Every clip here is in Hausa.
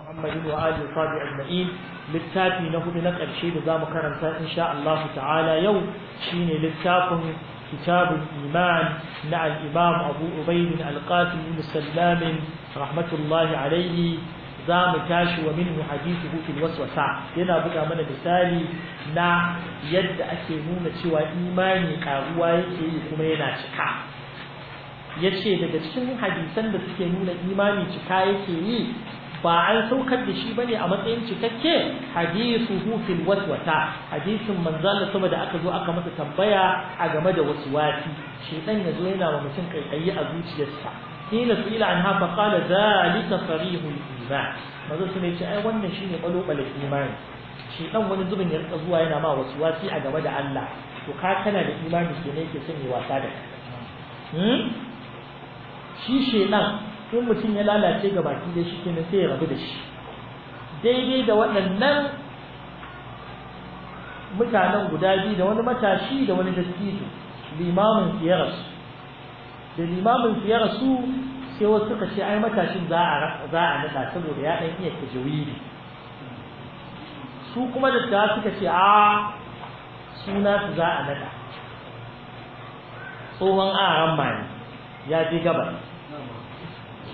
محمد وآله وصحبه أجمعين للتافي نهض لك الشيء بزام كرمتا إن شاء الله تعالى يوم شين للتاف كتاب الإيمان مع الإمام أبو عبيد القاسم بن سلام رحمة الله عليه زام تاش ومنه حديثه في الوسوسة هنا بقى من مثالي نا يد أكيمون سوى إيماني كارواي كي يكمينا شكا ya ce daga cikin hadisan da suke nuna imani cika yake yi ba an saukar da shi bane a matsayin cikakke hadithuhu fil waswata hadisin manzon sama da aka zo aka masa tambaya a game da wasu waswasi shedan yazo yana wa mutum kaikayi a zuciyarsa kila su'ila anha fa qala zalika sarihul iman manzon sama yace ai wannan shine kalobalen imani shedan wani zubin ya rika zuwa yana ma waswasi a game da Allah to ka kana da imani kenan yake son ya wasa da kai hmm? shi shedan in mutum ya lalace ga baki da shi kenan sai ya rabu da shi daidai da waɗannan mutanen guda biyu da wani matashi da wani dattijo limamin su da limamin su sai wasu suka ce ai matashin za a naɗa saboda ya ɗan iya jawiri su kuma dattawa suka ce a suna su za a nada tsohon aran mani ya je gabas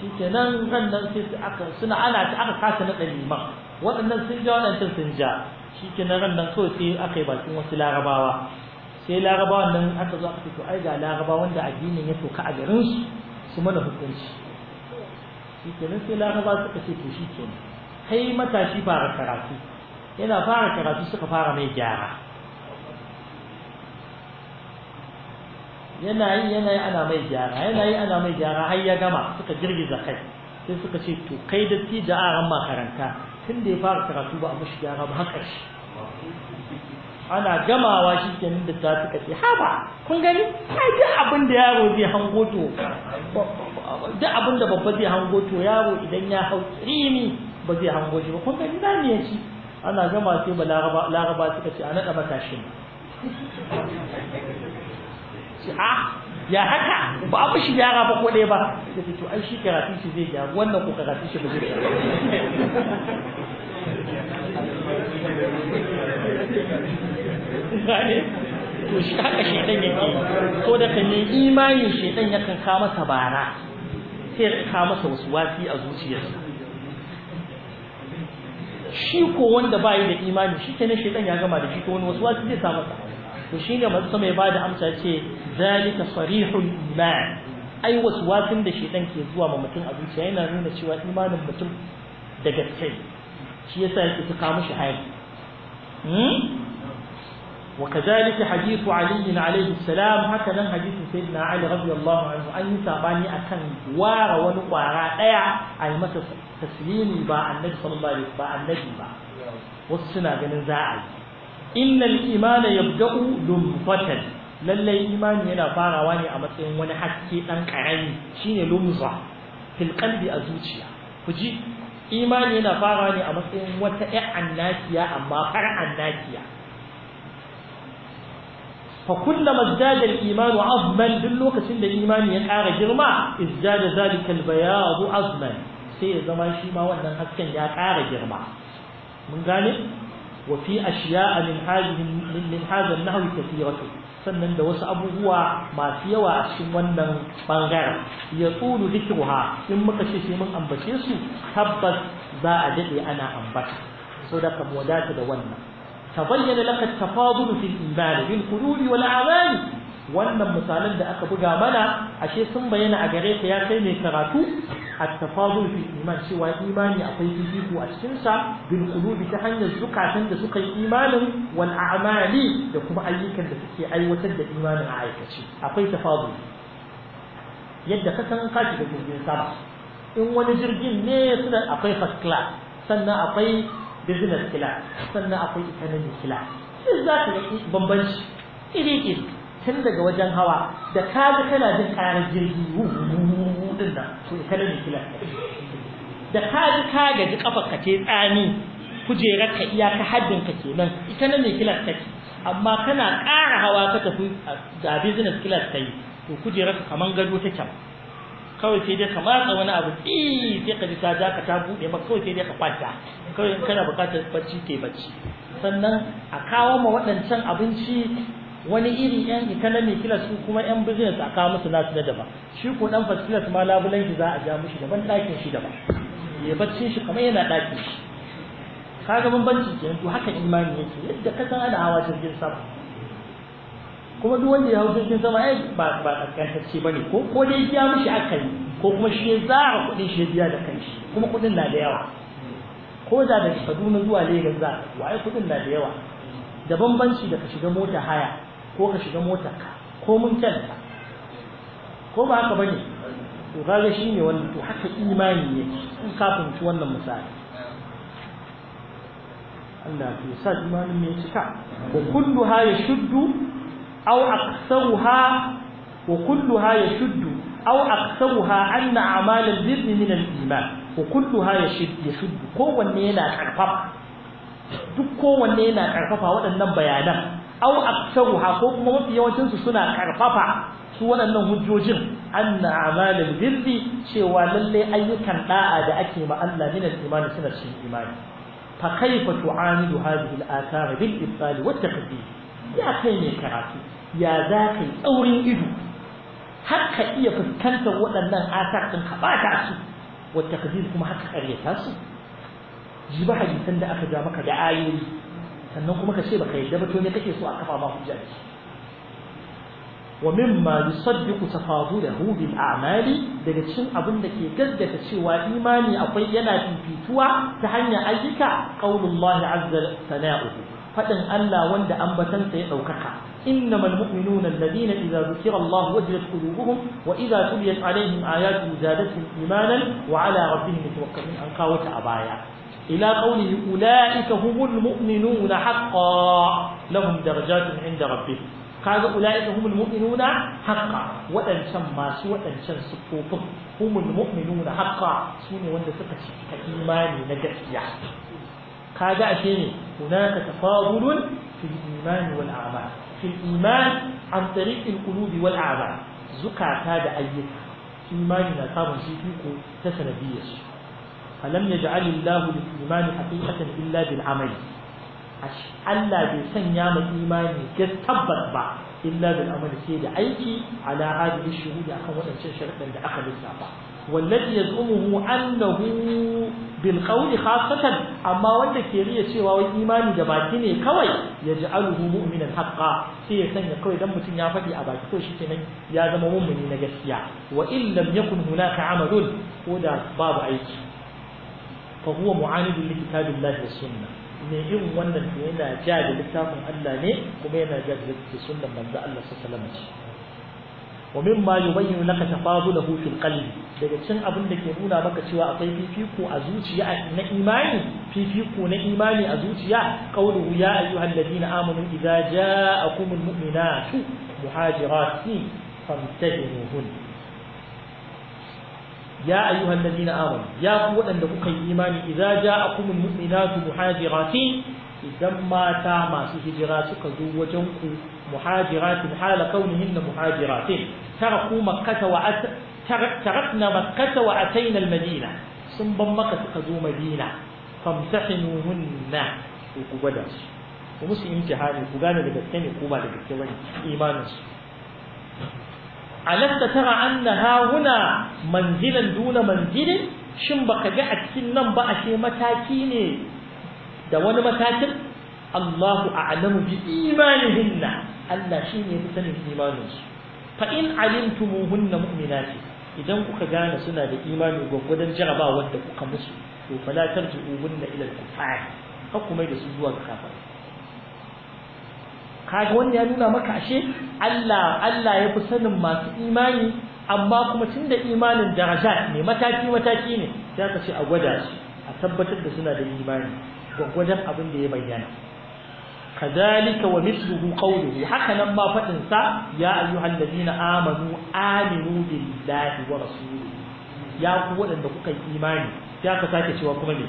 shikenan rannan sai su aka suna ana ta aka kasa na ma waɗannan sun ja wannan sun ja shikenan nan so sai aka yi bakin wasu larabawa sai larabawan nan aka zo aka fito ai ga larabawa wanda addinin ya toka a garin su su mana hukunci shikenan sai larabawa suka ce to shikenan kai matashi fara karatu yana fara karatu suka fara mai gyara yana yi yana yi ana mai gyara yana yi ana mai gyara har ya gama suka girgiza kai sai suka ce to kai da ti da aran makaranta tun da ya fara karatu ba a mushi gyara ba haka shi ana gamawa shi kenan da ta suka ce haba kun gani kai duk abin da yaro zai hango to duk abin da babba zai hango to yaro idan ya hau tsimi ba zai hango shi ba kun gani na ne shi ana gama sai ba laraba laraba suka ce a naɗa matashin ce a ah, ya haka ba a mishi gyara ba ko ba ya ce to ai shi karatun shi zai gyaru wannan ko karatun shi ba zai gyaru to shi haka dan yake ko da kan imanin shedan yakan ka masa bara sai ya ka masa wasu wasi a zuciyarsa shi ko wanda bai da imani shi kenan dan ya gama da shi to wani wasu wasi zai samu to shine masu mai bada amsa ce zalika sarihul iman ai waswasin da shedan ke zuwa ma mutum a zuciya yana nuna cewa imanin mutum da gaske shi yasa yake tuka mushi hayi وكذلك حديث علي عليه السلام هكذا حديث سيدنا علي رضي الله عنه أن يتابعني أكن وارا ونقارا ديا أي متى تسليمي با النبي صلى الله عليه وسلم با النبي با والسنة بن زاعي innal imana yabda'u lumfatan lallai imani yana farawa ne a matsayin wani haske dan karami shine lumza fil qalbi a zuciya ku ji imani yana farawa ne a matsayin wata ƴar annakiya amma far annakiya fa kullama zada al iman azman duk lokacin da imani ya ƙara girma izdada zalika al bayadu azman sai ya zama shi ma wannan hasken ya ƙara girma mun gane وفي أشياء من هذه من هذا النحو كثيرة sannan da wasu abubuwa masu yawa a cikin wannan bangaren ya tsulu zikruha in muka ce sai mun ambace su tabbas za a dade ana ambata so da ka wadata da wannan tabayyana laka tafadulu fil iman bil qulubi wal a'mali wannan misalan da aka buga mana ashe sun bayyana a gare ka ya kai mai karatu at-tafadul fi iman cewa imani akwai fifiko a cikin sa bil qulubi ta hanyar zukatan da suka yi imanin wal a'mali da kuma ayyukan da suke aiwatar da imanin a aikace akwai tafadul yadda ka san ka shiga jirgin sama in wani jirgin ne suna akwai first class sannan akwai business class sannan akwai economy class sai za ka ga bambanci iri iri tun daga wajen hawa da ka kana jin karar jirgi din da, to ka kanar nukilar da ka ji ka gaji ji ka ce tsani kujerar ka iya ka haddin ka kenan ita na mai ta take amma kana ƙara hawa ka tafi da business class ta yi to kujerar ka kamar gado ta kyau kawai sai dai ka matsa wani abu sai ka ji ta ja ka ta buɗe ba kawai sai dai ka kwanta kawai kana buƙatar bacci ke bacci sannan a kawo ma waɗancan abinci wani irin yan economy kilas su kuma yan business a kawo musu nasu na daban shi ko dan fas kilas ma labulan shi za a ja mushi daban ɗakin shi daban ya bacci shi kamar yana ɗakin shi kaga bambancin ke to haka imani yake yadda ka san ana hawa jirgin sama kuma duk wanda ya hau jirgin sama ai ba ba kaskantacce ba ne ko dai biya mishi akai ko kuma shi ya zara kuɗin shi ya biya da kanshi kuma kuɗin na da yawa ko da da Kaduna zuwa Legas za wa kuɗin na da yawa da bambanci da ka shiga mota haya ko ka shiga motar ka ko mun kyanta ko ba haka bane to kaga ne wannan to haka imani ne in ka fahimci wannan misali Allah ya sa imanin mai cika wa ya shuddu aw aktsaruha wa ya shuddu aw aktsaruha anna a'mal al-birr min al-iman wa ha ya yashuddu kowanne yana karfafa duk kowanne yana karfafa waɗannan bayanan aw aktsaruha ko kuma mafi yawancin su suna karfafa su waɗannan hujjojin anna amalul birri cewa lalle ayyukan da'a da ake ma Allah min al-imani suna cikin imani fa kaifa tu'anidu hadhihi al-athar bil ibtal wa taqdim ya kai ne karatu ya za ka yi tsaurin ido har ka iya fuskantar waɗannan asar ɗin ka ɓata su wa kuma haka ƙaryata su jibi hadisan da aka ja maka da ayoyi sannan kuma ka ce baka yadda ba to ne kake so a kafa ma hujja da shi wa mimma yusaddiqu tafadulahu bil a'mali daga cikin abin da ke gaggata cewa imani akwai yana fifituwa ta hanyar ayyuka qaulullahi azza sana'uhu fadin Allah wanda ambatansa ya daukaka إنما المؤمنون الذين إذا ذكر الله وجلت قلوبهم وإذا تليت عليهم آياته زادتهم إيمانا وعلى ربهم يتوكلون أن قاوة أبايا إلى قوله أولئك هم المؤمنون حقا لهم درجات عند ربهم قال أولئك هم المؤمنون حقا وأن سمى سوء أن سنسفوكم هم المؤمنون حقا سوني وأن سكت إيماني نجسيا قال أشيني هناك تفاضل في الإيمان والأعمال في الإيمان عن طريق القلوب والأعمال زكاة هذا أيها إيماننا تابع سيكوكو تسنبيش falam yaj'al Allah lil iman haqiqatan illa bil amal Allah bai sanya ma imani ga tabbat ba illa bil sai da aiki ala shiru da akan waɗancan sharuɗan da aka lissafa wallazi yazumuhu annahu bil qawli amma wanda ke riya cewa wai imani da baki ne kawai ya ji yaj'aluhu mu'minan haqqan sai ya sanya kawai dan mutum ya faɗi a baki to kenan ya zama mu'mini na gaskiya wa in lam yakun hunaka amalun ko da babu aiki fa huwa mu'anidun li kitabillahi was sunnah ne irin wannan to yana ja da littafin Allah ne kuma yana ja da sunnan manzo Allah sallallahu alaihi wasallam wa mimma yubayyinu laka tafadulahu fil qalbi daga cikin abin da ke nuna maka cewa akwai fifiko a zuciya na imani fifiko na imani a zuciya qawluhu ya ayyuhalladhina amanu idza ja'akumul mu'minatu muhajiratin famtahinuhunna ya ayyuhal ladina amanu ya ku waɗanda kuka yi imani idza ja'akumul mu'minatu muhajiratin idan mata masu hijira suka zo wajen ku muhajiratin hala kaunihin na muhajiratin taraku makkata wa makkata wa ataina madina sun ban maka suka zo madina famtahinuhunna ku ku gwada su ku musu imtihani ku gane da gaske ne ko ba da gaske bane imanin su alasta tara annaha huna manzilan duna manzilin shin baka ga a cikin nan ba ce mataki ne da wani matakin Allahu a'lamu bi imanihinna Allah shine ya sanin imaninsu fa in alimtumuhunna mu'minati idan kuka gane suna da imani gwaggwadon jarabawar da kuka musu to fala tarji'uhunna ila al-kufar kuma da su zuwa kafir kaga wannan ya nuna maka ashe Allah Allah yafi sanin masu imani amma kuma tunda imanin daraja ne mataki mataki ne sai ka ce a gwada shi a tabbatar da suna da imani gwagwajen abin da ya bayyana kadalika wa mithluhu qawluhu haka nan ma faɗin sa ya ayyuhal ladina amanu aminu billahi wa yi. ya ku wadanda kuka imani sai ka sake cewa kuma ne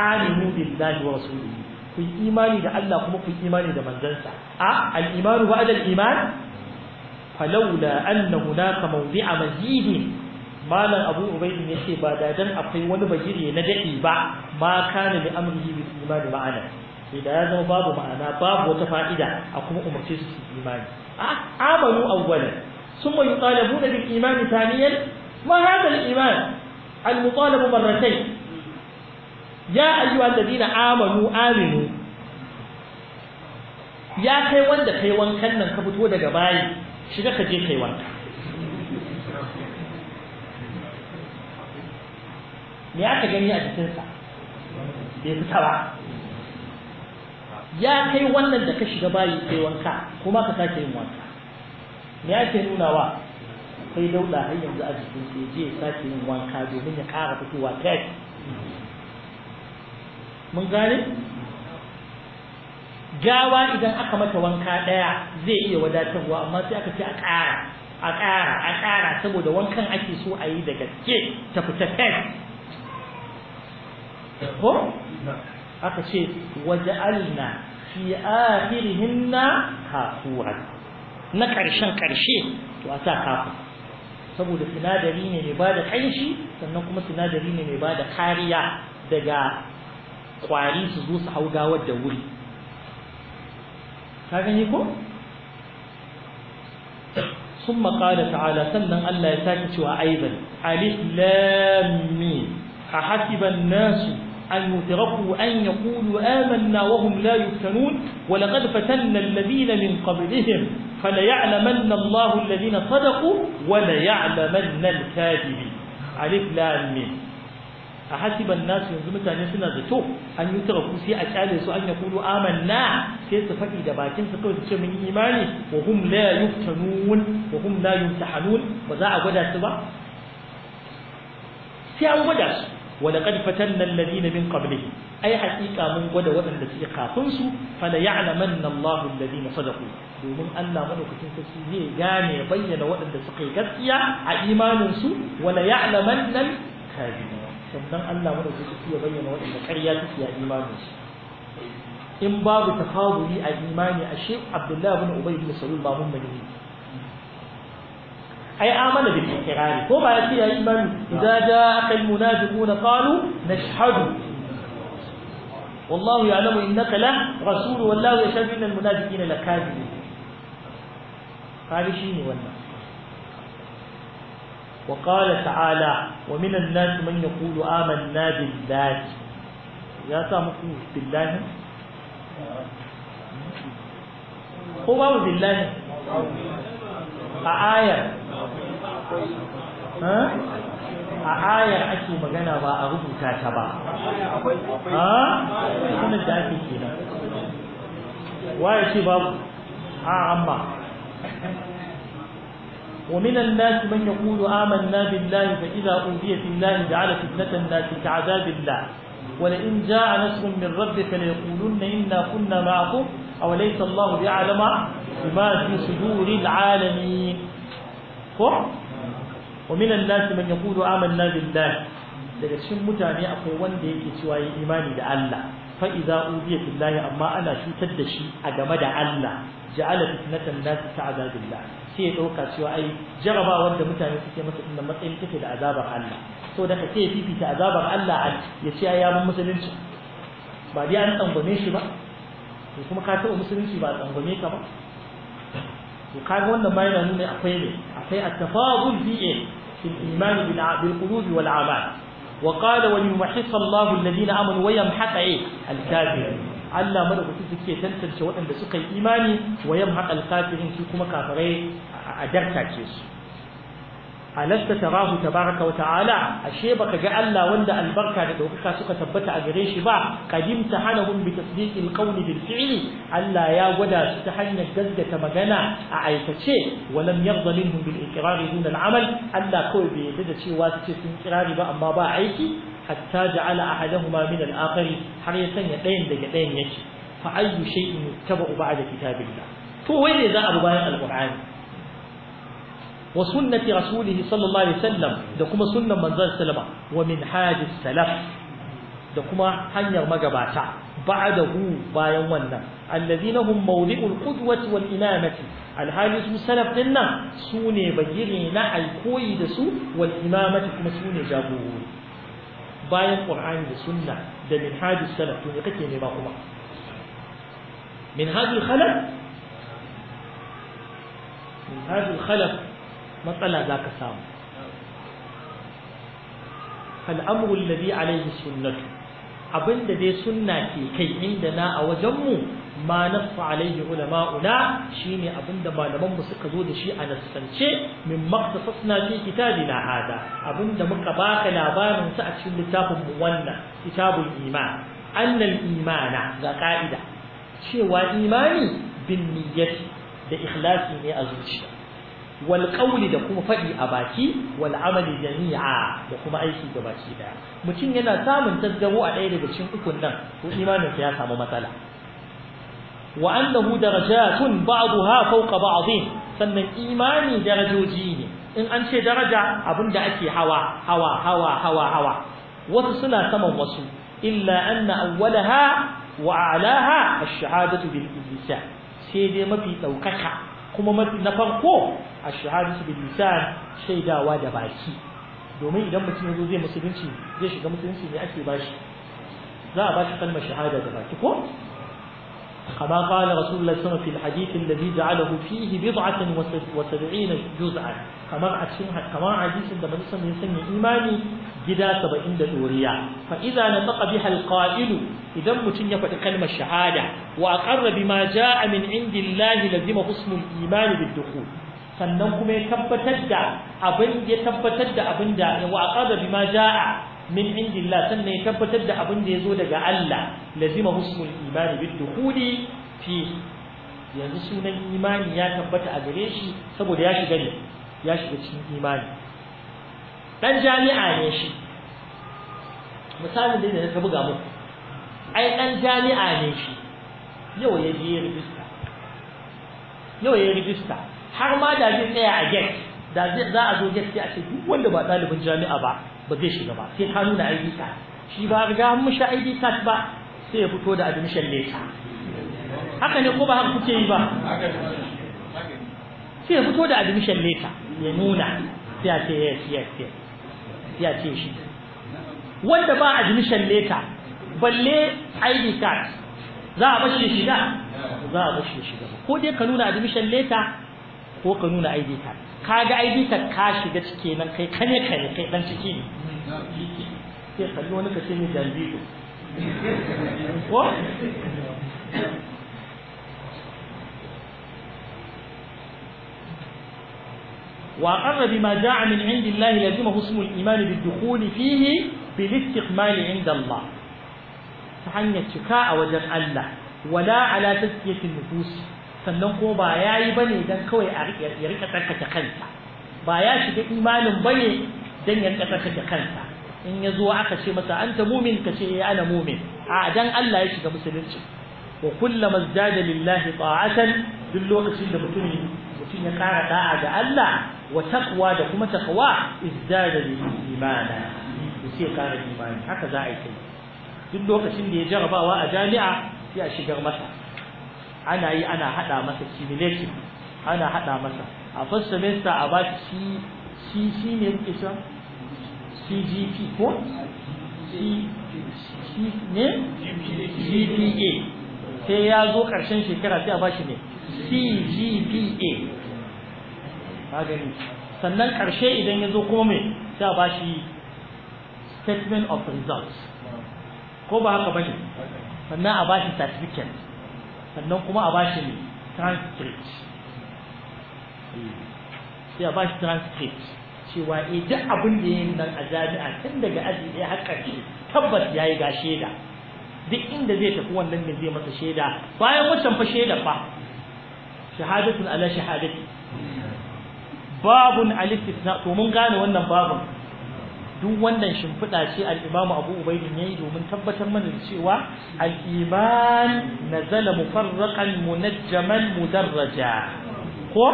aminu billahi wa rasulihi ku yi imani da Allah kuma ku yi imani da manzansa a al-imanu ba'da al na falawla anna hunaka a mazidin malam abu ya ce ba da dan akwai wani bagire na daɗi ba ma kana li amrihi bil iman ma'ana sai da ya zama babu ma'ana babu wata fa'ida a kuma umarce su su imani a amanu awwalan summa yuqalabuna bil iman thaniyan ma hadha al iman al mutalab marratayn ya ayyuhal ladina amanu aminu ya kai wanda kai wankan nan ka fito daga bayi shiga ka je kai wanka me aka gani a sa bai fita ba ya kai wannan da ka shiga bayi kai wanka kuma ka sake yin wanka me ake nunawa kai dauda har yanzu a jikin sai je sake yin wanka domin ya kara fitowa kai mun gane gawa idan aka mata wanka daya zai iya wadatarwa amma sai aka ce a ƙara a ƙara a ƙara saboda wankan ake so a yi da gaske ta fita fes ko aka ce waja'alna fi akhirihinna kafuran na ƙarshen ƙarshe to a sa kafin, saboda sinadari ne mai bada kanshi sannan kuma sinadari ne mai bada kariya daga kwari su zo su hau gawar da wuri ka gani ko ثم قال تعالى سنن ألا يساكت وأيضا ألف لام أحسب الناس أن يتركوا أن يقولوا آمنا وهم لا يفتنون ولقد فتنا الذين من قبلهم فليعلمن الله الذين صدقوا وليعلمن الكاذبين ألف لام a hasiban nasu yanzu mutane suna zato an yi tara kusi a kyale su an ya kudu amanna sai su faɗi da bakin su kawai su ce mun imani wa hum la yuftanun wa hum la ba za a gwada su ba sai an gwada su wa laqad fatanna alladhina min qablihi ai haqiqa mun gwada wadanda suke kafin su fa la ya'lamanna allahu alladhina sadaqu domin Allah madaukakin sarki zai gane bayyana wadanda suka yi gaskiya a imanin su wa la nan kadhiba sannan Allah mu zai su ya bayyana waɗanda ƙarya suke a imanin in babu tafaduli a imani a shi Abdullahi bin Ubay bin Salul ba mun bane ai amana da kirari ko ba ya ce ya imani idza jaa al munafiquna qalu nashhadu والله يعلم انك لا رسول والله يشهد ان المنافقين لكاذبون shi ne wannan. وقال تعالى ومن الناس من يقول آمنا بالله يا سامكو بالله هو بالله آية ها a ayar ake magana ba a rubuta ta ba A sunan da ake kenan waye ce babu a amma ومن الناس من يقول آمنا بالله فإذا أوذي في الله جعل فتنة الناس كعذاب الله ولئن جاء نصر من ربك ليقولن إنا كنا معكم أو ليس الله بأعلم بما في صدور العالمين ومن الناس من يقول آمنا بالله daga cikin mutane akwai wanda yake cewa yi imani da Allah fa iza ubiya billahi amma ana cutar da shi a game da Allah ja'ala fitnatan nas ta'aza billah sai ya dauka cewa ai jaraba wanda mutane suke masa inda matsayin take da azabar Allah so da kake fifita azabar Allah ya ce ya mun musulunci ba dai an tsangwame shi ba to kuma ka taɓa musulunci ba tsangwame ka ba to kaga wannan ma yana nuna akwai ne akwai at-tafadul fi في الإيمان بالقلوب والأعمال وقال وليمحص الله الذين آمنوا ويمحق إيه الكافرين Allah madaukaki suke tantance waɗanda suka yi imani wa yamha kafirin su kuma kafirai a dartace su alasta tarahu tabaraka wa ta'ala ashe baka ga Allah wanda albarka da daukaka suka tabbata a gare shi ba kadim hanahum bi tasdiqil qawli bil fi'li Allah ya gwada su ta hanyar gazgata magana a aikace wa lam yarda minhum bil iqrari dun al amal Allah kawai bai yarda da cewa su ce sun kirari ba amma ba aiki hatta ja'ala ahadahuma min al akhari har ya sanya ɗayan daga ɗayan yake fa ayyu shay'in yuttaba'u ba'da kitabillah to wai ne za a bi bayan alqur'ani wa sunnati rasulihi sallallahu alaihi wasallam da kuma sunnan manzon sallama wa min hadis salaf da kuma hanyar magabata ba'dahu bayan wannan allazina hum mawdi'ul qudwati wal imamati alhali su salaf din nan su ne bagire na alkoyi da su wal imamati kuma su ne jagorori bayan qur'ani da sunna da min hadis salaf to ne ba kuma min hadis khalaf min hadis khalaf matsala za ka samu al'amuru alladhi alaihi sunnatu abinda dai sunna ke kai inda na a wajenmu ma nasu alaihi ulama'una shine abinda malaman mu suka zo da shi a nassance min maqtasasna fi na hada abinda muka baka labarin su a cikin littafin mu wannan kitabul iman annal imana ga ka'ida cewa imani bin niyyati da ikhlasi ne a zuciya wal qawli da kuma faɗi a baki wal amali jami'a da kuma aiki da baki daya mutum yana samun tasgaro a ɗaya daga cikin ukun nan to imanin ya samu matsala wa annahu darajatun ba'daha fawqa ba'dhin sannan imani darajoji ne in an ce daraja abinda ake hawa hawa hawa hawa hawa wasu suna saman wasu illa anna awwalaha wa a'laha ash-shahadatu bil sai dai mafi daukaka kuma na farko a shahadatu bil lisan shaidawa da baki domin idan mutum ya zo zai musulunci zai shiga musulunci ne ake bashi za a bashi kalmar shahada da baki ko كما قال رسول الله صلى الله عليه وسلم في الحديث الذي جعله فيه بضعة وسبعين جزعا كما كما حديث عندما نسمى يسمى إيماني جدا سبعين دوريا فإذا نطق بها القائل إذا متن يفعل كلمة شهادة وأقر بما جاء من عند الله لزم حسن الإيمان بالدخول sannan kuma ya tabbatar da abin ya tabbatar da abin da wa aqada bima jaa min indillah sannan ya tabbatar da abin da ya zo daga Allah lazima husnul imani bid dukhuli fi yanzu sunan imani ya tabbata a gare shi saboda ya shiga ne ya shiga cikin imani dan jami'a ne shi misalin da na buga muku ai dan jami'a ne shi yau ya je rijista yau ya rijista har ma da zai tsaya a gate da zai za a zo gaskiya a ce duk wanda ba ɗalibin jami'a ba ba zai shiga ba sai ka nuna ID card shi ba riga mun sha ID card ba sai ya fito da admission letter haka ne ko ba haka kuke yi ba sai ya fito da admission letter ya nuna sai a ce yes yes yes ya ce shi wanda ba admission letter balle ID card za a bashi shiga za a bashi shiga ko dai ka nuna admission letter ko ka nuna ID card ka ga ai bisa ka shiga ciki nan kai kane kane kai dan ciki ne ke kalli wani kashe ne jambi ko wa qarrab ma ja'a min 'indi Allah lazima husmu al-iman bi dukhul fihi bi istiqmal 'inda Allah ta hanya cika a wajen Allah wala ala tazkiyatin nufus sannan ko ba ya yi ba ne don kawai ya rika tsarkake kansa ba ya shiga imanin ba ne don ya rika tsarkake kansa in ya zo aka ce masa an ta mumin ka ce ya eh, ana mumin a dan Allah ya shiga musulunci wa kullama zada lillahi ta'atan duk lokacin da mutum mutum ya kara da'a ga Allah wa takwa da kuma takwa izdada imana sai ya ƙara imani haka za a yi duk lokacin da ya jarabawa a jami'a sai a shigar masa ana yi ana hada masa cumulative ana hada masa a first semester a ba shi shi shi ne kuke cewa CGP ko C ne GPA sai ya zo karshen shekara sai a ba shi ne CGPA ka gani sannan karshe idan ya zo kuma sai a ba shi statement of results ko ba haka ba ne? sannan a ba shi certificate sannan kuma a bashi ne transcript eh, sai a bashi transcript cewa eh duk abin da yayin nan a jami'a tun daga aji ɗaya har ƙarshe tabbas yi ga shaida duk inda zai tafi wannan ne zai masa shaida bayan wancan fa shaida fa shahadatun ala shahadati babun alif to mun gane wannan babun duk wannan shimfiɗa ce al'imamu abu ubaidin ya yi domin tabbatar mana da cewa al'iman na zala mufarraƙan munajjaman mudarraja ko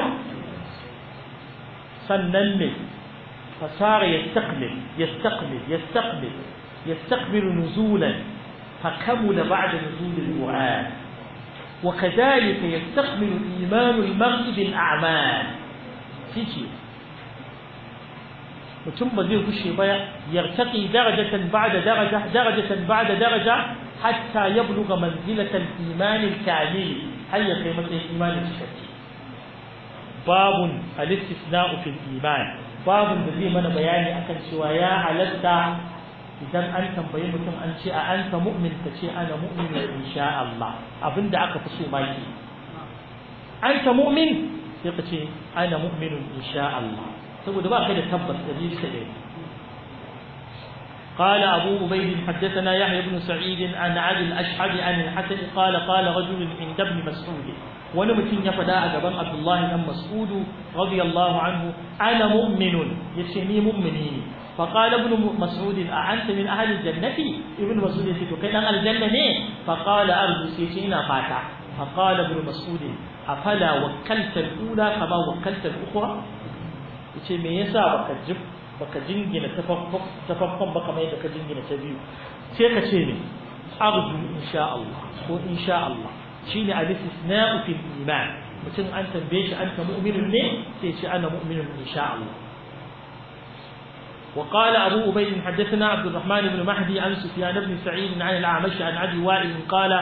sannan ne fasara ya stakmil ya stakmil ya stakmil ya stakmil nuzulan فكمل بعد نزول القرآن وكذلك يستقبل الإيمان المغرب الأعمال تيجي mutum ba zai gushe ba yartaki darajatan ba'da daraja darajatan ba'da daraja hatta yabluga manzilatan iman al har ya kai matsayin imani cikakke babun al-istisna'u fil iman babun da zai mana bayani akan cewa ya halatta idan an tambayi mutum an ce a anta mu'min ka ce ana mu'min insha Allah abinda aka fi so maki anta mu'min sai ka ce ana mu'minun insha Allah saboda دبار shi da tabbas da قال أبو عبيد حدثنا يحيى بن سعيد عن عبد الأشحب عن الحسن قال قال رجل عند ابن مسعود ونمتن يفدا أجبان عبد الله بن مسعود رضي الله عنه أنا مؤمن يسمي مؤمنين فقال ابن مسعود أعنت من أهل الجنة ابن مسعود يقول كان أهل الجنة فقال أرجو سيتينا فاتع فقال ابن مسعود أفلا وكلت الأولى كما وكلت الأخرى yace me yasa baka jib baka jingina tafaffan baka mai da ka jingina ta biyu sai ka ce ne arzu insha Allah ko insha Allah shine al-istisna'u fil iman mutum an tambaye shi anta mu'minun ne sai ce ana mu'minun insha Allah وقال أبو أبي حدثنا عبد الرحمن بن مهدي عن سفيان بن سعيد عن الأعمش عن عدي وائل قال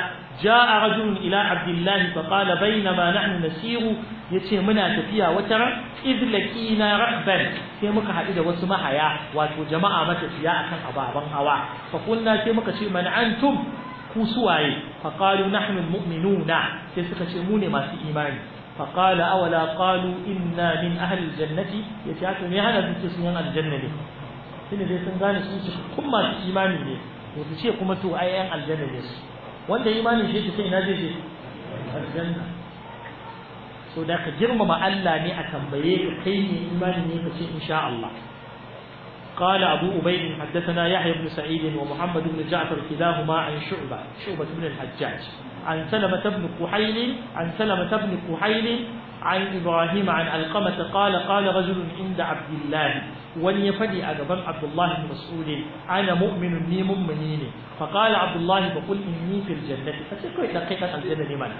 جاء رجل إلى عبد الله فقال بينما نحن نسير yace muna tafiya wata ran na rahban sai muka haɗu da wasu mahaya wato jama'a matafiya akan ababan hawa fa kunna sai muka ce man antum ku suwaye fa qalu nahnu almu'minuna sai suka ce mu ne masu imani fa qala awala qalu inna min ahli aljannati yace haka ne hana su ce sun yan aljanna ne shine dai sun gane su kun masu imani ne to su ce kuma to ai yan aljanna ne su wanda imanin shi sai ina zai je aljanna so da ka girmama Allah ne a tambaye ka kai ne قال أبو أبي حدثنا يحيى بن سعيد ومحمد بن جعفر كلاهما عن شعبة شعبة بن الحجاج عن سلمة بن كحيل عن سلمة بن كحيل عن إبراهيم عن القمة قال قال رجل عند عبد الله وليفدي أجبا عبد الله بن مسعود أنا مؤمن لي مؤمنين فقال عبد الله بقول إني في الجنة فسكت دقيقة الجنة لمن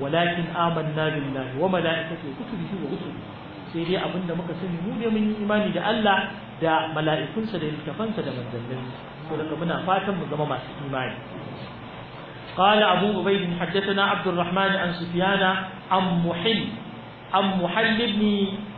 walakin amanna billahi wa malaikatihi wa kutubihi wa rusulihi sai dai abinda muka sani mu dai mun yi imani da Allah da mala'ikunsa da littafansa da manzannin ko daga muna fatan mu zama masu imani قال أبو عبيد حدثنا عبد الرحمن عن سفيان عن محل عن محل بن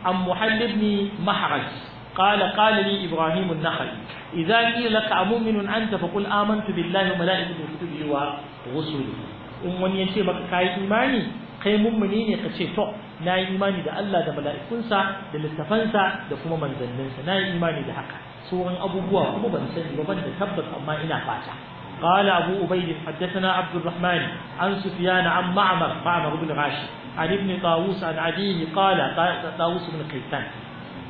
عن محل بن محرز قال قال لي إبراهيم النخعي إذا قيل لك أمؤمن أنت فقل آمنت بالله وملائكته وكتبه ورسله in wani ya ce maka kayi imani kai mummuni ne ka ce to na yi imani da Allah da mala'ikunsa da littafansa da kuma manzanninsa na yi imani da haka sauran abubuwa kuma ban sani ba ban da tabbas amma ina fata قال أبو أبيد حدثنا عبد الرحمن عن سفيان عن معمر معمر بن راشد عن ابن طاووس عن عديه قال طاووس بن قيسان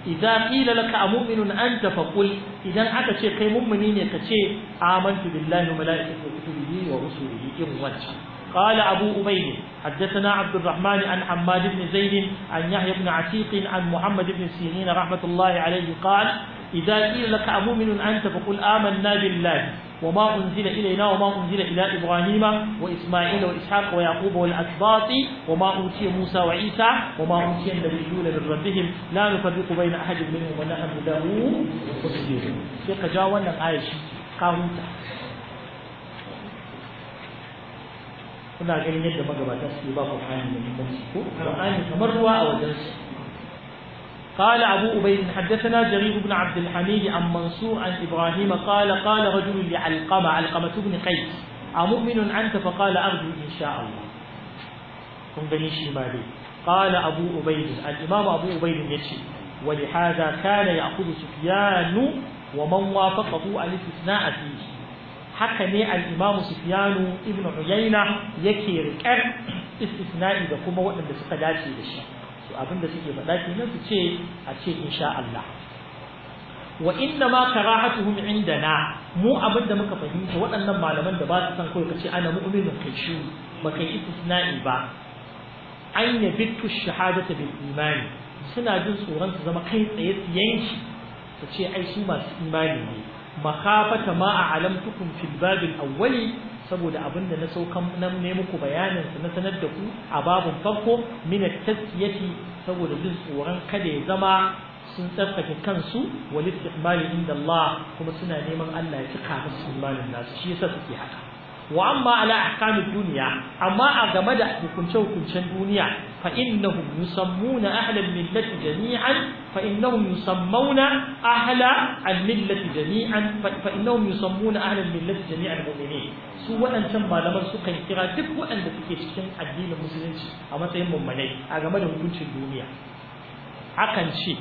إذا قيل لك أمؤمن أنت فقل إذا أنت شيء مؤمنين كشيء آمنت بالله وملائكته وكتبه ورسله إن وجهه قال أبو أبيد حدثنا عبد الرحمن عن حماد بن زيد عن يحيى بن عتيق عن محمد بن سيرين رحمة الله عليه قال إذا قيل لك أمؤمن أنت فقل آمنا بالله وما أنزل إلينا وما أنزل إلى إبراهيم وإسماعيل وإسحاق ويعقوب والأسباط وما أوتي موسى وعيسى وما أوتي النبيون من ربهم لا نفرق بين أحد منهم ونحن له مسلمون. في قجاوة آية قاومة kuna ganin yadda magabata su ba Qur'ani da mutunci ko Qur'ani kamar ruwa a wajen su قال أبو أبي حدثنا جرير بن عبد الحميد عن منصور عن إبراهيم قال قال رجل لعلقمة علقمة بن قيس أمؤمن أنت فقال أرجو إن شاء الله kun gani shi ma dai qala abu ubayd al-imam abu ubayd yace wa li hada kana wa sufyan wa man wafaqahu al-istithna'a haka ne alimamu imamu sufyanu ibn uyayna yake riƙar istisna'i da kuma waɗanda suka dace da shi su abinda suke faɗa kenan su ce a ce insha Allah wa inna ma karahatuhum indana mu abinda muka fahimta waɗannan malaman da ba su san kawai kace ana mu'minu kai shi ba kai istisna'i ba an yabitu shahadata bil imani suna jin tsoron su zama kai tsaye yanki su ce ai su masu imani ne makafata ma a alamtukun fil babil awwali saboda abinda na saukan na ne muku bayanin na sanar da ku a babun farko min tasiyati saboda jin tsoron kada ya zama sun tsarkake kansu wal istiqbali inda Allah kuma suna neman Allah ya cika musu imanin nasu shi yasa suke haka wa amma ala ahkamid duniya, amma a game da hukunce hukuncen duniya fa innahum yusammuna ahla al-millati jami'an fa innahum yusammuna ahla al-millati jami'an fa innahum yusammuna ahla al-millati jami'an mu'minin su waɗancan malaman su kan kira duk waɗanda suke cikin addinin musulunci a matsayin mummunai a game da hukuncin duniya akan ce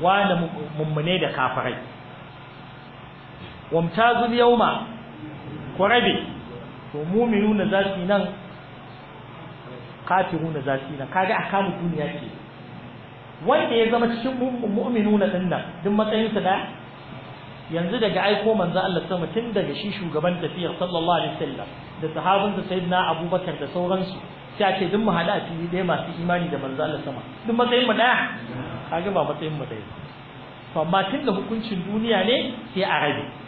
wa da mummunai da kafirai wamtazul yawma ku rabe to mu'minuna za zafi nan kafiruna na zafi nan kaga kama duniya ce wanda ya zama cikin mu'minuna din nan duk matsayinsa da yanzu daga aiko manzo Allah sama tun daga shi shugaban tafiyar sallallahu alaihi wasallam da sahabin da sayyidina Abubakar da sauransu sai a ce duk mu hada a fili dai masu imani da manzo Allah sama duk matsayin mu daya kaga ba matsayin mu daya to amma tun da hukuncin duniya ne sai a rabe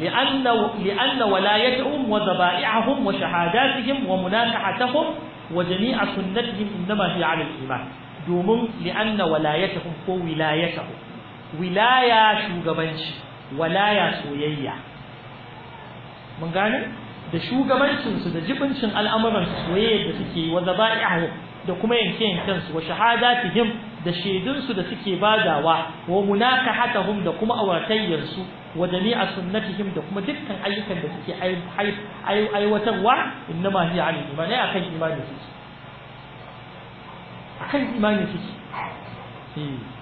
لأن لأن ولايتهم وذبائحهم وشهاداتهم ومناكحتهم وجميع سنتهم إنما هي على الإيمان دوم لأن ولايتهم هو ولايتهم ولاية شوغبنش ولاية سويية من قال da shugabancinsu da jibincin al'amuransu soyayyar da suke yi wa zaba'i'ahu da kuma yanke yankensu wa shahadatihim da shaidunsu da suke badawa wa munakahatahum da kuma awatayyarsu wa jami'a sunnatihim da kuma dukkan ayyukan da suke aiwatarwa innama hiya an imani akan imani suke akan imani suke hmm.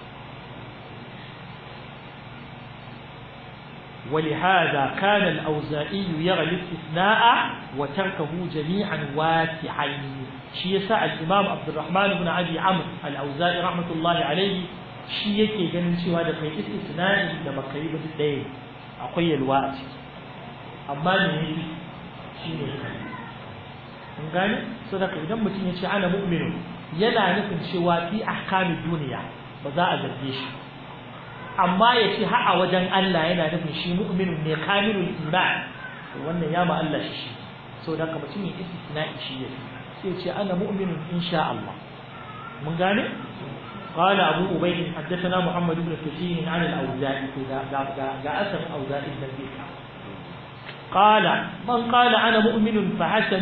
ولهذا كان الأوزائي يرى الاستثناء وتركه جميعا واسعين shi yasa al-Imam Abdurrahman ibn Abi Amr al rahmatullahi alayhi shi yake ganin cewa da kai istisnai da baka ɗaya akwai yalwa a ciki amma shi ne idan mutum ya ce ana mu'minu yana nufin cewa fi ahkamin duniya ba za a zarge shi amma ya ce ha a wajen Allah yana nufin shi mu'minin ne kamilul iman wannan ya ma Allah shi so da ka mutum ya istisna'i shi ya sai ce ana mu'minin insha Allah mun gane قال أبو أبي حدثنا محمد بن كثير عن الأوزاعي لا أثر أوزاعي ذلك قال من قال أنا مؤمن فحسن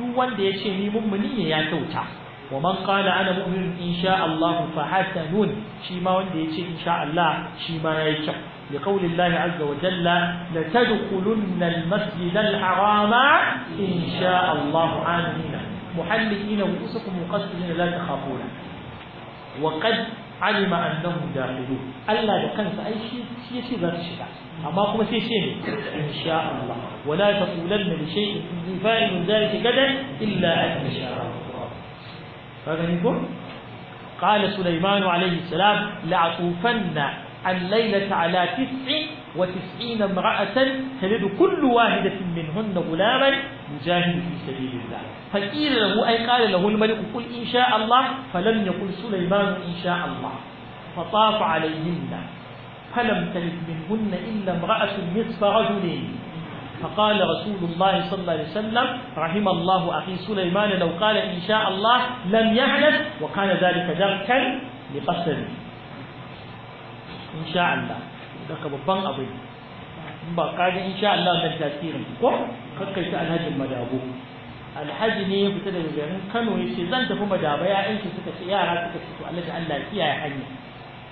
دون ديشني مؤمنية يا توتا ومن قال أنا مؤمن إن شاء الله فحسن شيما وندي شيء إن شاء الله شيما يشك لقول الله عز وجل لتدخلن المسجد الحرام إن شاء الله عاملين محلقين رؤوسكم مقصرين لا تخافون وقد علم أنهم داخلون ألا لكن أي شيء شيء ذات الشفاء أما كما في شيء إن شاء الله ولا تقولن لشيء فاعل ذلك غدا إلا أن شاء الله فاهمكم قال سليمان عليه السلام لعطوفن الليلة على تسع وتسعين امرأة تلد كل واحدة منهن غلاما يجاهد في سبيل الله فقيل له أي قال له الملك قل إن شاء الله فلم يقل سليمان إن شاء الله فطاف عليهن فلم تلد منهن إلا امرأة نصف رجل فقال رسول الله صلى الله عليه وسلم رحم الله أخي سليمان لو قال إن شاء الله لم يحدث وكان ذلك دركا لقصره إن شاء الله ذاك ببان أبي قال إن شاء الله من تأثير كيف الهج المدابو alhaji ne ya fita daga garin Kano ya ce zan tafi madaba ya aiki suka ce yara suka ce to Allah Allah ya kiyaye hanya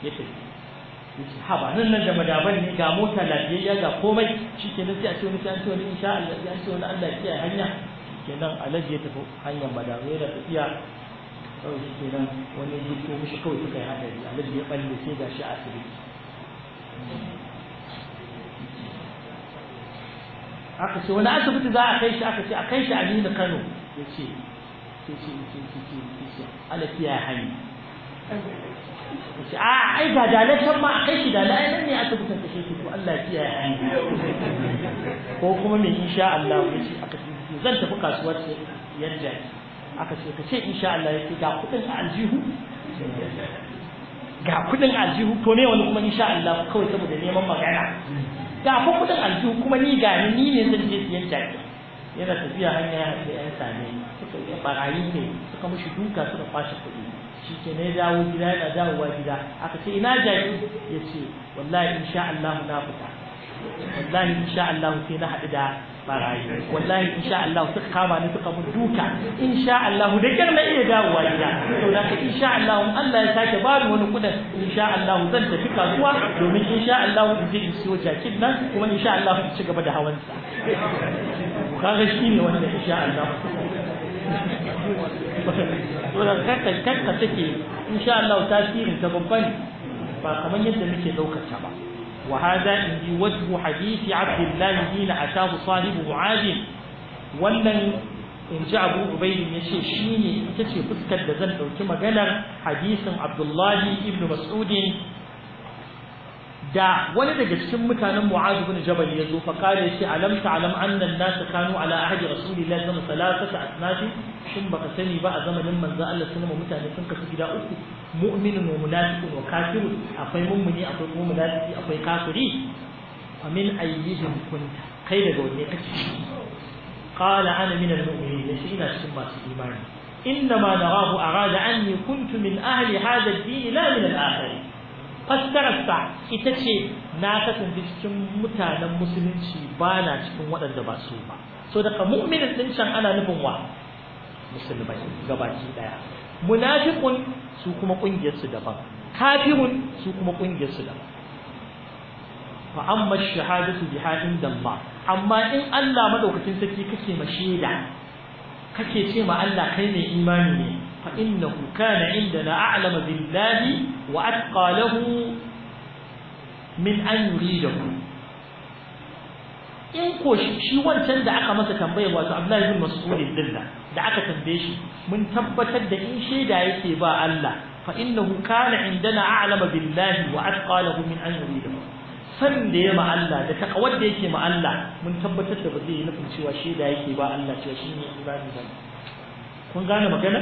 ya tafi haba nan nan da madaban ne ga mota lafiyayya ga komai shi ke sai a ce wani an wani insha Allah ya ce wani Allah ya hanya nan, alaji ya tafi hanyar madaban yana tafiya kawai shi nan, wani ya ko mishi kawai suka yi hadari alaji ya balle sai ga shi a asibiti aka ce wani asibiti za a kai shi aka ce a kai shi a Kano ya ce ce ce ce ce ce ce ce ce a ah, ai ga dalar can ma a kai shi dalar ai nan ne aka buka ta shi ko Allah ya kiyaye ko kuma me insha Allah ya ce aka zan tafi kasuwa ce yadda aka ce ka ce insha Allah ya ce ga kudin aljihu ga kudin aljihu to ne wani kuma insha Allah kawai saboda neman magana ga fa kudin aljihu kuma ni ga ni ni ne zan je siyan jaki yana tafiya hanya ya da yan same suka yi barayi ne suka mushi duka suka kwashe kudi shi ke ne dawo gida yana dawowa gida aka ce ina jaki ya ce wallahi insha Allah na fita wallahi insha Allah sai na haɗu da barayi wallahi insha Allah suka kama ni suka mun duka insha Allah da kyar na iya dawowa gida to da insha Allah Allah ya sake ba ni wani kudin insha Allah zan tafi kasuwa domin insha Allah in je in siyo jakin nan kuma insha Allah in ci gaba da hawan sa shi ne wannan insha Allah to da kanka take insha Allah tasirin ta babban ba kamar yadda muke daukar ba wa hada indi wajhu hadisi abdullahi bin atahu sahibu Muadin wannan in ji Abu Ubayd ya ce shine ita ce fuskar da zan dauki maganar hadisin abdullahi ibn mas'udin da wani daga cikin mutanen mu'azu bin jabal ya zo fa kare shi alam ta'lam anna an-nas kanu ala ahdi rasulillahi sallallahu alaihi wasallam shin baka sani ba a zamanin manzo Allah sallallahu mutane sun kasu gida uku mu'minun wa munafiqun wa kafirun akwai mu'mini akwai kuma akwai kafiri fa min ayyihim kunta kai daga wanne kake qala ana min al-mu'minin shi ina cikin masu imani innama ma narahu arada anni kuntu min ahli hadha ad-din la min al-akhirin fassararsa ita ce na kasance cikin mutanen musulunci ba na cikin waɗanda ba su ba so daga mu'minin ɗin can ana nufin wa musulmai gabaki ɗaya munafiqun su kuma ƙungiyar su daban kafirun su kuma ƙungiyar su daban fa amma shahadatu bi inda damma. amma in Allah madaukakin sarki kake mashida kake ce ma Allah kai mai imani ne فإنه كان عندنا أعلم بالله وأتقى له من أن يريده in ko shi wancan da aka masa tambayar wato Abdullahi bin Mas'ud dinna da aka tambaye shi mun tabbatar da in shaida yake ba Allah fa innahu kana indana a'lama billahi wa atqa lahu min an yurida san da ya ma Allah da takawar da yake ma Allah mun tabbatar da ba zai nufin cewa shaida yake ba Allah cewa shine ibadi ba kun gane magana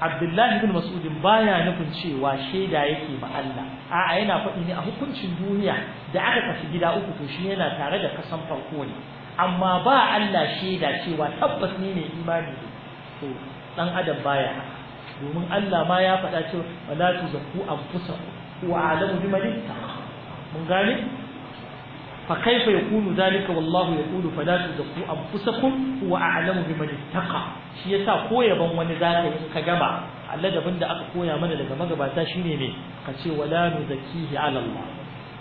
Abdullahi bin Mas'udin baya nufin cewa shaida yake ma Allah a'a yana faɗi ne a hukuncin duniya da aka kashe gida uku to shi yana tare da kasan farko ne amma ba Allah shaida cewa tabbas ne ne imani to dan adam baya domin Allah ma ya faɗa cewa wala tuzakku anfusakum wa alamu bimanittaq mun gane فكيف يكون ذلك والله يقول فلا تزكوا انفسكم هو اعلم بمن اتقى shi yasa koya ban wani zaka in ka gama alladabin da aka koya mana daga magabata shine ne ka ce wala nuzakkihi ala Allah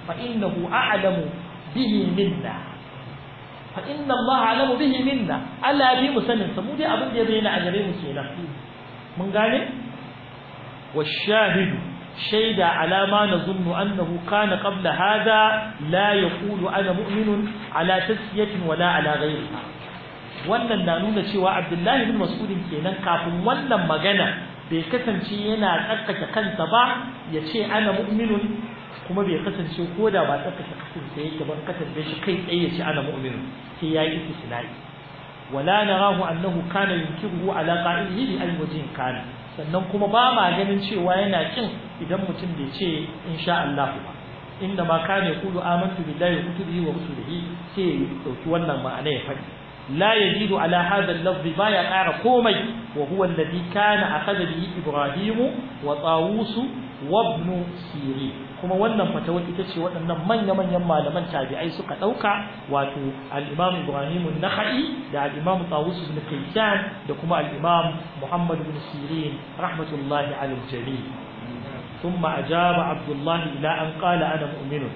fa innahu a'lamu bihi minna fa inna Allah a'lamu bihi minna Allah bi mu sanin sa mu dai abin da ya bayyana a gare mu kenan mun gane wa shaida alama na zunnu annahu kana qabla hada la yaqulu ana mu'minun ala tasfiyatin wala ala ghayriha wannan na nuna cewa Abdullahi bin Mas'ud kenan kafin wannan magana bai kasance yana tsarkake kansa ba ya ce ana mu'minun kuma bai kasance ko da ba tsarkake kansa yake ban kasance shi kai tsaye ya ce ana mu'minun sai ya yi istisna'i wala narahu annahu kana yunkiru ala qa'idihi bi alwajhin kana sannan kuma ba ma ganin cewa yana kin idan mutum bai ce insha Allah ba inda ma kane kulu amantu billahi wa kutubihi wa rusulihi sai ya dauki wannan ma'ana ya faɗi لا يزيد على هذا اللفظ ما يقع قومي وهو الذي كان أخذ Ibrahimu wa وطاووس وابن سيرين kuma wannan fatawar ita ce waɗannan manya-manyan malaman tabi'ai suka ɗauka wato al'imam ibrahim naha'i da al'imam tawus ibn kaisan da kuma al'imam muhammad ibn sirin rahmatullahi alal jami thumma ajaba abdullahi ila an qala ana mu'minun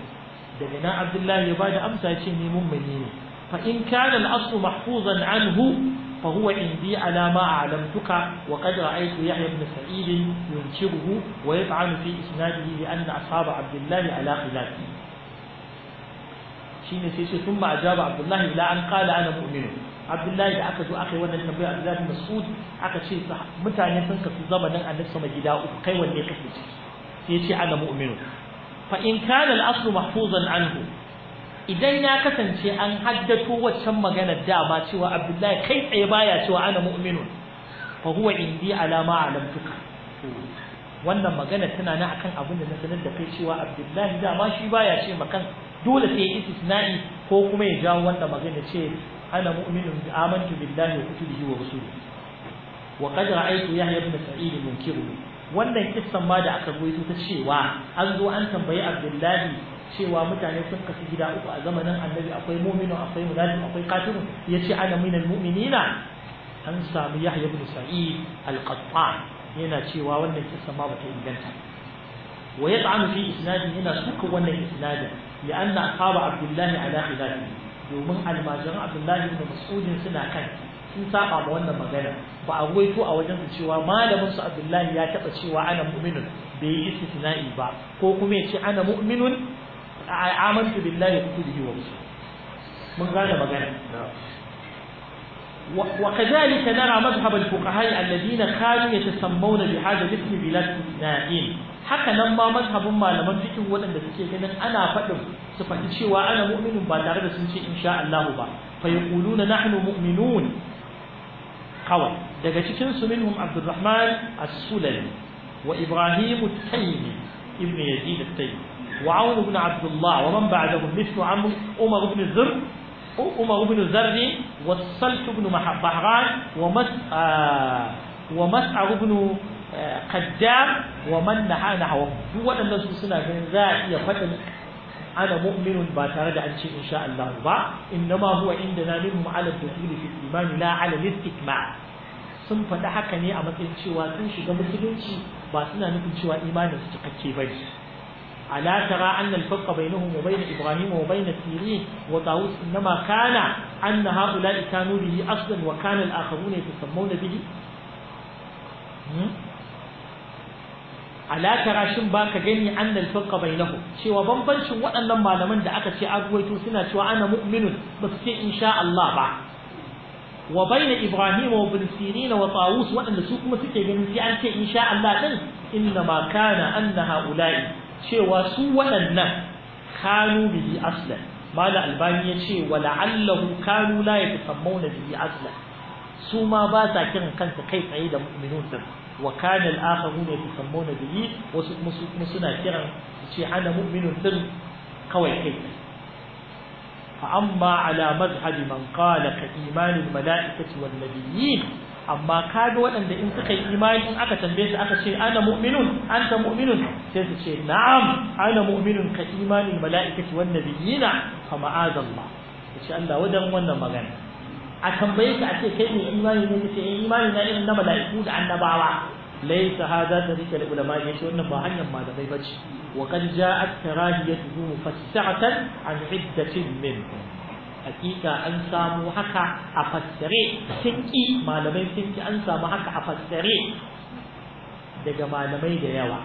daga nan abdullahi ya bada amsa ce ni mummuni فإن كان الأصل محفوظا عنه فهو عندي على ما أعلمتك وقد رأيت يحيى بن سعيد ينشره ويطعن في إسناده لأن أصحاب عبد الله على خلافه شين سيسي ثم أجاب عبد الله إلى أن قال أنا مؤمن عبد الله إذا أكد أخي وانا النبي عبد الله بن مسعود أكد شيء صح متى أن ينسى في زمن أن نفسه مجداء أبقي والليقف سيسي أنا مؤمن فإن كان الأصل محفوظا عنه idan ya kasance an haddato waccan maganar dama cewa abdullahi kai tsaye baya cewa ana mu'minun fa huwa indi ala alamtuka wannan magana tana nan akan abin da na sanar da kai cewa abdullahi dama shi baya ce makan dole sai ya istisna'i ko kuma ya jawo wannan magana ce ana mu'minun bi amantu billahi wa kutubihi wa rusulihi wa qad ra'aytu yahya ibn sa'id munkiru wannan kissan ma da aka goyi ta cewa an zo an tambayi abdullahi cewa mutane sun kasu gida uku a zamanin annabi akwai mu'minu akwai munafiq akwai ya ce ana minal mu'minina an samu Yahya ibn Sa'id al-Qattan yana cewa wannan kissa ma bata inganta wa yad'anu fi isnadin yana suka wannan isnadin لأن أصحاب abdullahi الله على domin almajiran Abdullahi ibn Mas'udin suna kan sun saba ma wannan magana ba a goyito a wajen su cewa malamin su Abdullahi ya taba cewa ana mu'minun bai yi istisna'i ba ko kuma ya ce ana mu'minun amantu billahi kutubihi wa su, mun gane magana وكذلك نرى مذهب الفقهاء الذين كانوا يتسمون بهذا الاسم بلا استثناء haka nan ma mazhabin malaman fikin waɗanda suke ganin ana faɗin su faɗi cewa ana mu'minin ba tare da sun ce insha Allah ba fa yaquluna nahnu mu'minun kawai daga cikin su minhum Abdurrahman as wa Ibrahim at-Taymi ibn Yazid at-Taymi وعون بن عبد الله ومن بعدهم مثل عمرو عمر بن الزر عمر بن الزر والصلت بن بهران ومسعر بن قدام ومن نحى نحوهم duk waɗannan su suna ganin za a iya faɗa. ana mu'minun ba tare da an ce insha Allah ba innama huwa indana minhum ala dukhul fi sun faɗi haka ne a matsayin cewa sun shiga musulunci ba suna nufin cewa imanin su cikakke ne. ألا ترى أن الفرق بينهم وبين إبراهيم وبين سيرين وطاووس إنما كان أن هؤلاء كانوا به أصلا وكان الآخرون يتسمون به ala tara shin baka gani annal farqa bainahum cewa bambancin waɗannan malaman da aka ce agwaito suna cewa ana mu'minun ba su ce ba wa baina ibrahim wa ibn sirin wa tawus waɗanda su kuma suke ganin sai an ce insha Allah din inna cewa su waɗannan kanu bihi aslan mala albani ya ce wa la'allahu kanu la yatasammuna bihi aslan su ma ba sa kiran kansa kai tsaye da mu'minun din wa kana al-akharun yatasammuna bihi wasu kuma suna kiran su ce ana mu'minun din kawai kai fa amma ala mazhabi man qala ka imanul mala'ikati wan nabiyyin amma kaga waɗanda in suka yi imani in aka tambaye su aka ce ana mu'minun anta mu'minun sai su ce na'am ana mu'minun ka imanin mala'ikati wan nabiyina fa ma'azallah ce Allah wajen wannan magana a tambaye ka a ce kai ne imani ne kace eh imani na irin na mala'iku da annabawa laysa hadha tarika lil ulama ce wannan ba hanyar malamai bace wa qad ja'at karahiyatuhu mufassatan an iddatin minhum hakika an samu haka a fassare sun ƙi malamai sun ƙi an samu haka a fassare daga malamai da yawa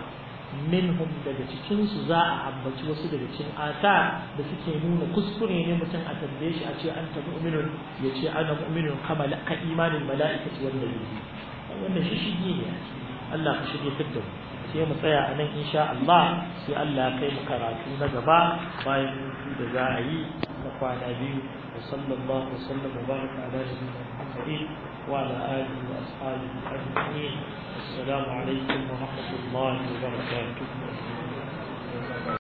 minhum daga cikinsu za a ambaci wasu daga cikin asa da suke nuna kuskure ne mutum a tambaye shi a ce an ta umarnin ya ce ana mu'minun ka imanin ce wanda yake wannan shi shi ne Allah ka shige fitta sai mu tsaya a nan insha Allah sai Allah ya kai mu karatu na gaba bayan da za a yi نقع عن وصلى الله وسلم وبارك على سيدنا محمد وعلى آله وأصحابه أجمعين السلام عليكم ورحمة الله وبركاته